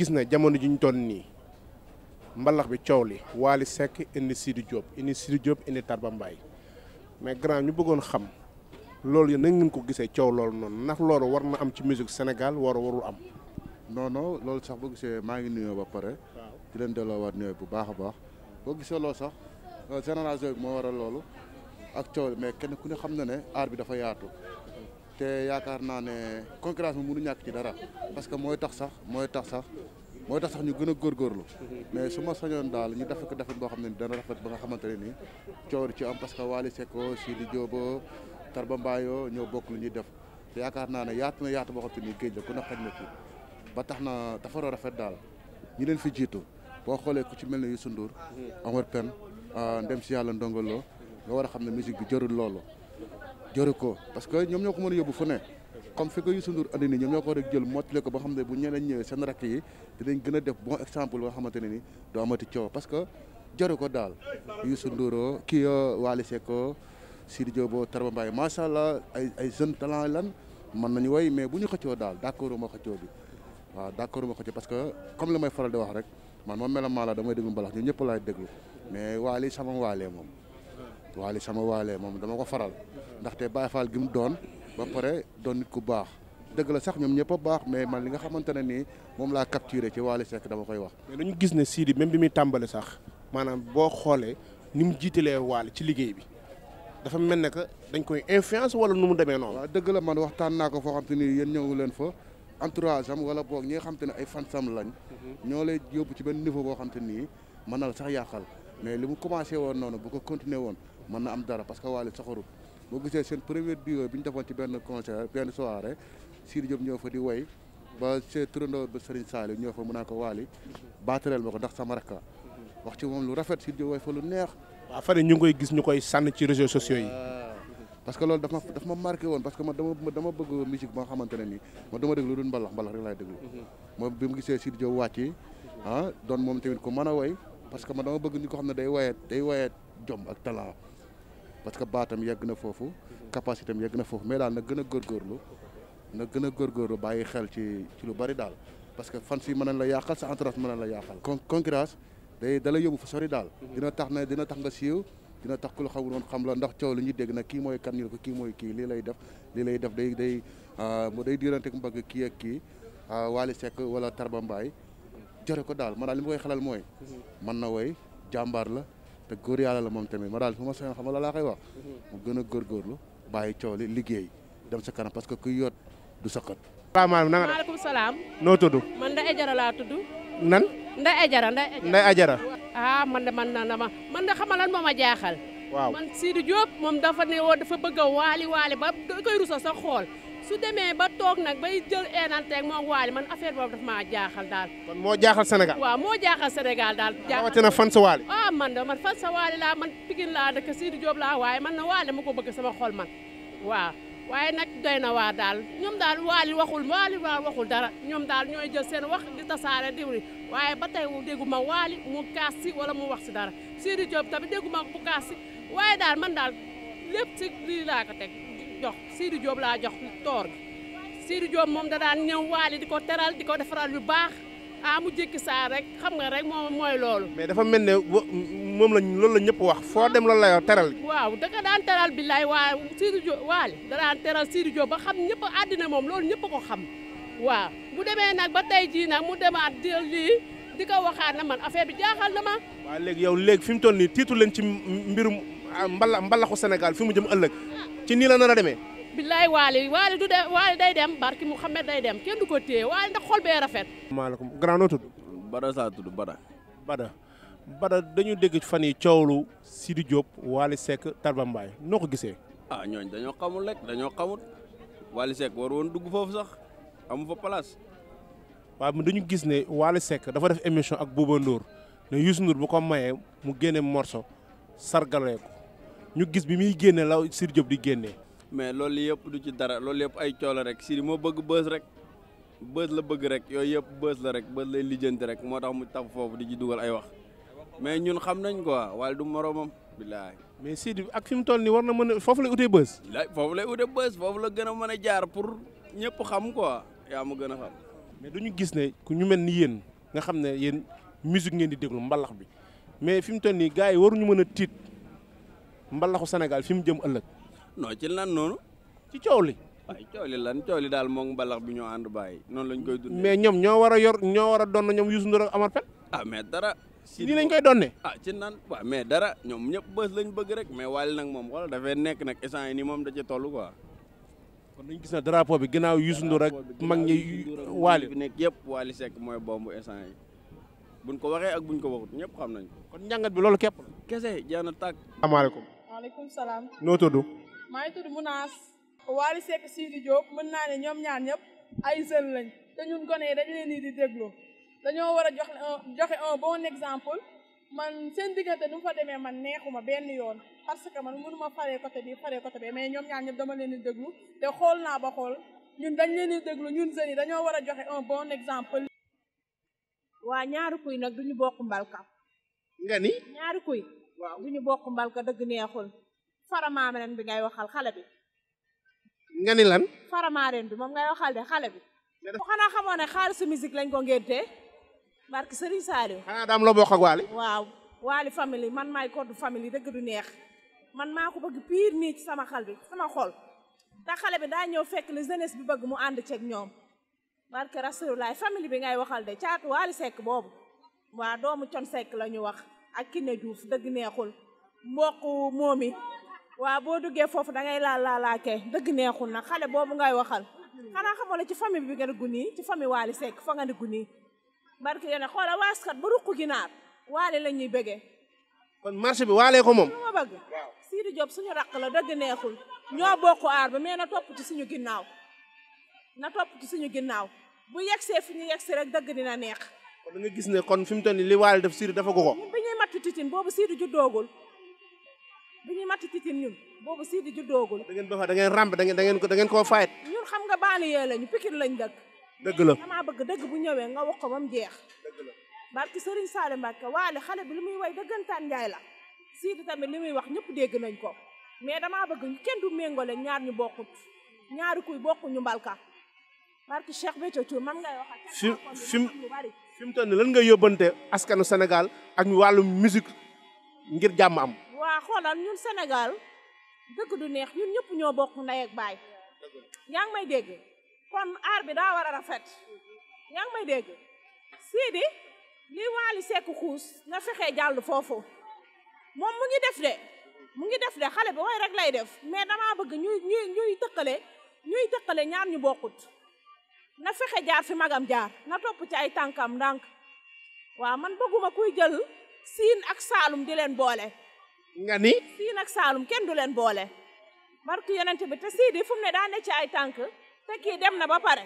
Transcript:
gis na jamono ji ñu toll nii mbalax bi coow li Waly Seck indi Sidi Diop indi Sidi Diop indi Tarba Mbaye mais grand ñu bëggoon xam loolu yëpp na ngeen ko gisee coow loolu noonu ndax loolu war na am ci musique senegal war warul am. non non loolu sax boo gisee maa ngi nuyoo ba pare. di leen delloowaat nuyoo bu baax a baax. boo gisee loo sax euh, génération bi moo a loolu ak coow mais kenn ku ne xam na ne aar bi dafa yaatu. te yaakaar naa ne concurrence bi mënu ñàkk ci dara parce que mooy tax sax mooy tax sax mooy tax sax ñu gën a góorgóorlu mais su ma sañoon daal ñu def ko defet boo xam ne dana rafet ba nga xamante ne nii coow ci am parce que Waly Seko Sidi Diobo Tarba Mbayo ñoo bokk lu ñuy def yaakaar naa ne yaatu na yaatu boo xam te ni géej la na fi ba tax na dafa rafet daal ñu leen fi jiitu boo xoolee ku ci mel ne Youssou Ndour Omar Pène ah, ndem si yàlla ndongolo nga war a xam ne musique bi jarul loolu jëru ko parce que ñoom ñoo ko mën a yóbbu fu ne comme fi ko Youssou Ndour andi nii ñoom ñoo ko war a jël mottali ko ba xam ne bu ñeneen ñëwee seen rakk yi dinañ gën a def bon exemple boo xamante ne ni doo amati coow parce que jëru ko daal Youssou Ndour kii euh, Wally Seck Sidi Diop Tarba Mbaye macha allah ay ay jeunes talent lan mën nañu woy mais bu ñu xëccoo daal d' accord ma xëccoo bi waaw d' accord ma xëccoo parce que comme li may faral di wax rek man moom melam maa la damay déglu mbalax ñun ñëpp laay déglu mais Wally sama Wally moom waali sama waalee moom dama ko faral ndaxte Baye Fall gi mu doon ba pare doon nit ku baax dëgg la sax ñoom ñëpp a baax mais man li nga xamante ne nii moom laa capturé ci Waly Seck dama koy wax. mais dañu gis ne Sidi même bi muy tàmbale sax maanaam boo xoolee ni mu jiitalee Waly ci liggéey bi dafa mel ne que dañ koy influence wala nu mu demee noonu. dëgg la man waxtaan naa ko foo xam te ni yéen ñëwu leen fa entourage am wala boog ñi nga xam te ne ay fansam lañ. Mhm. ñoo lay yóbbu ci benn niveau boo xam te nii mënal sax yàqal mais li mu commencé woon noonu bu ko continué woon. mën na am dara parce que Wally soxorut boo gisee seen première duo bi ñu defoon ci benn concert benn soirée Sidy Diop ñëw fa di woy ba see turandoo ba Serigne Saliou ñëw fa mu naan ko Wally baatareel ma ko ndax sama rakk wax ci moom lu rafet Sidy Diop woy fa lu neex. waaw fan ñu ngi koy gis ñu koy sànn ci réseaux sociaux yi. Ah. parce que loolu dafa dafa ma marqué woon parce que ma dama dama bëgg musique ba nga xamante ne nii ma dama déglu lu dul mbalax mbalax rek laay déglu. gisee Sidy Diop wàcc ah moom tamit ku mën a woy parce que ma dama bëgg ñu ko xam ne day woyee day woyee jom ak talent. parce que baatam yegg na foofu capacité yegg na foofu mais daal na gën a góor góorgóorlu na gën a góorgóorlu bàyyi xel ci ci lu bari daal parce que fan si mën a la yàqal sa entourage mën nañ la yàqal concurrence day da yóbbu fa sori daal mhm. dina tax ne dina tax nga siiw dina tax ku la xamul woon xam la ndax coow li ñuy dégg nag kii mooy kan ñu ko kii mooy kii lii lay def lii lay def day day ah, mu day diirante mbagg kii ak kii ah, Wally Seck wala Tarba Mbaye jore ko daal man daal li ma koy xelal mooy mhm. man na woy jàmbaar la te góor yàlla la moom tamit ma daal su ma soxla xam nga laa koy mhm. mu gën a góorgóorlu bàyyi coow li liggéey dem sa kanam parce que kuy yoot du saqat. a na nga def maaleykum salaam. noo tudd. man Ndeye Ajara laa tudd. nan. Ndeye Ajara Ndeye Ajara Ndeye ah, man de man man de xamal lan moo ma jaaxal. man Sidi Diop moom dafa ne woon dafa bëgg a waali waali ba koy rusa sa xool. su demee ba toog nag bay jël eenanteeg moom waali man affaire boobu daf maa jaaxal daal. kon moo jaaxal Sénégal. waa moo jaaxal Sénégal daal. jaaxal rawatina fan sa waali. Ah, man de man fan sa waali laa man Pikine laa dëkk Sidi Diop laa waaye man na waali ma ko bëgg sama xol man waaw. waaye nag doy na waa daal ñoom daal waali waxul waali waa waxul dara ñoom daal ñoo ñooy jël seen wax di tasaare diwri waaye ba tey déggu ma waali mu kaas si wala mu wax si dara Sidi Diop tamit déggu ma bu kaas waaye daal man daal lépp si lii laa ko teg. jox Sidi Diop laa jox toor gi Sidi moom da daan ñëw waali di ko teral di ko defaral yu baax ah mu jékki saa rek xam nga rek moom mooy loolu. mais dafa mel ne moom la loolu la ñëpp wax foo dem loolu la teral. waaw da nga daan teral billaay waa Sidi Diop waali teral Sidi Diop ba xam ñëpp àddina moom loolu ñëpp ko xam waaw bu demee nag ba tey jii nag mu demaat di lii. di ko waxaat na man affaire bi jaaxal na ma. waaw léegi yow léegi fi mu toll nii tiitu leen ci mbirum Ah, mbala mbalaxu senegal fi mu jëm ëllëg ci nii la nar a demee. billaay waali waali du waali day dem barki Mouhamed day dem kenn du ko téye waali ndax xol bee rafet. maaleykum grand noo tudd. Bada saa tudd Bada. Bada Bada dañu dégg fan yi coowlu Sidi Diop Waly Seck Tarba noo ko gisee. ah ñooñ dañoo xamul rek dañoo xamut Waly Seck war woon dugg foofu sax amu fa palaas waaw dañu gis ne Waly Seck dafa def émission ak Bouba Ndour ne Youssou bu ko mayee mu génne morso sargalee ko ñu gis bi muy génne law Sidy Diop di génnee. mais lool yëpp du ci dara loolu yëpp ay coola rek Sidy moo bëgg bës rek bës la bëgg rek yooyu yëpp bës la rek bës lay lijjanti rek moo tax mu tax foofu di ci dugal ay wax mais ñun xam nañ quoi waaye du moroomam bilaay. mais Sidy ak fi mu toll nii war na mën a foofu lay utee bës. foofu lay utee bës foofu la gën a mën a jaar pour ñëpp xam ko yaa ma gën a xam. mais du ñu gis ne ku ñu mel ni yéen nga xam ne yéen musique ngeen di déglu mbalax bi mais fi mu toll nii gars yi waru ñu mën a tiit. mbalaxu senegal fi mu jëm ëllëg. noo ci lan noonu. ci coow li. waaye coow li lan coow li daal moom mbalax bi ñoo ànd bàyyi noonu lañ koy dundee. mais ñoom ñoo war a yor ñoo war a doon ñoom Youssou Ndour ak Amar Pène. ah mais dara. si nii lañ koy donnee. ah ci naan waaw mais dara ñoom ñëpp bës lañ bëgg rek mais Wally nag moom xoolal dafay nekk nag instant yi nii moom da ci toll quoi. kon dañu gis na drapeau bi ginnaaw Youssou Ndour rek mag ñi Wally bi nekk yëpp Wally Seck mooy bombu instant yi buñ ko waxee ak buñ ko waxut ñëpp xam nañ kon njàngat bi loolu képp la kese jeex na tàkk asalaamaaleykum maaleykum salaam. noo tudd. maa ngi tudd Mounas. Waly Seck Sidi Diop mën naa ne ñoom ñaar ñëpp ay jeunes lañ te ñun gone yi dañu leen di déglu dañoo war a joxe euh, un joxe un bon exemple man seen diggante nu mu fa demee man neexuma benn yoon parce que man mënu ma faree côté bi faree côté bi mais ñoom ñaar ñëpp dama leen di déglu te xool naa ba xool ñun dañ leen di déglu ñun sën yi dañoo war a joxe un bon exemple. waa ñaari kuy nag duñu bokk mbalka nga ni ñaari kuy. waaw ñu bokk mbalka dëgg neexul faramaame ren bi ngay waxal xale bi nga ni lan faramaame ren bi moom ngay waxal de xale bi xanaa xamoo ne xaalisu musique lañ ko ngéntee barki Serigne Saliou xanaa daam la bokk ak waaw Waly famille man maay code famille dëgg du neex man maa ko bëgg piir nii ci sama xal bi sama xol te xale bi daa ñëw fekk li jeunesse bi bëgg mu ànd ceeg ñoom barke Rasulullah famille bi ngay waxal de caatu Waly Seck boobu waa doomu con Seck la ñu wax ak ki Kiné Diouf dëgg neexul mboq moomi waaw boo duggee foofu da ngay laal laalaakee dëgg neexul na xale boobu ngay waxal xanaa xamoo la ci famille bi nga ne gunii ci famille Waly Seck fa nga ne gunii barke yéen a xoola waaskat ba waale la ñuy bëggee. kon marché bi waalee ko moom. ma bëgg suñu raq la dëgg neexul ñoo bokk aar ba mais na topp ci suñu ginnaaw na topp ci suñu ginnaaw bu yegsee fi ñu yegsee rek dëgg dina neex. kon nga gis ne kon fi mu toll nii li waale def Sidi dafa ko matt titin boobu Sidi juddoogul bi ñuy matt titin ñun boobu Sidi juddoogul. da ngeen doon da ngeen ramb da ngeen da ngeen ko da ngeen koo fayet. ñun xam nga banlieue lañu Pikine lañ dëkk. dëgg la damaa bëgg dëgg bu ñëwee nga wax ko ba mu jeex. dëgg la barki Serigne Saliou Mbacke waale xale bi li muy way dëggantaan Njaay la Sidi tamit li muy wax ñëpp dégg nañ ko mais damaa bëgg kenn du méngole ñaar ñu bokkut ñaari kuy bokku ñu mbalka barki Cheikh Béthio Thioune man ngay wax. fi fi fi mu toll nii lan nga yóbbante askanu senegal ak wàllum musique ngir jàmm am. waa xoolal ñun Sénégal dëgg du neex ñun ñëpp ñoo bokk na ak baay. yaa may dégg kon aar bi daa war a rafet. yaa ngi may dégg Sidi li Waly Seck xuus nga fexee jàll foofu moom mu ngi def de mu ngi def de xale bi way rek lay def mais damaa bëgg ñuy ñuy ñuy tëkkale ñuy tëkkale ñaar ñu bokkut. na fexe jaar si magam jaar na topp ci ay tànkam ndànk waaw man bëgguma kuy jël siin ak saalum di leen boole nga ni siin ak saalum kenn du leen boole barki yonent bi te siidi fu mu ne daa ne ci ay tànk te kii dem na ba pare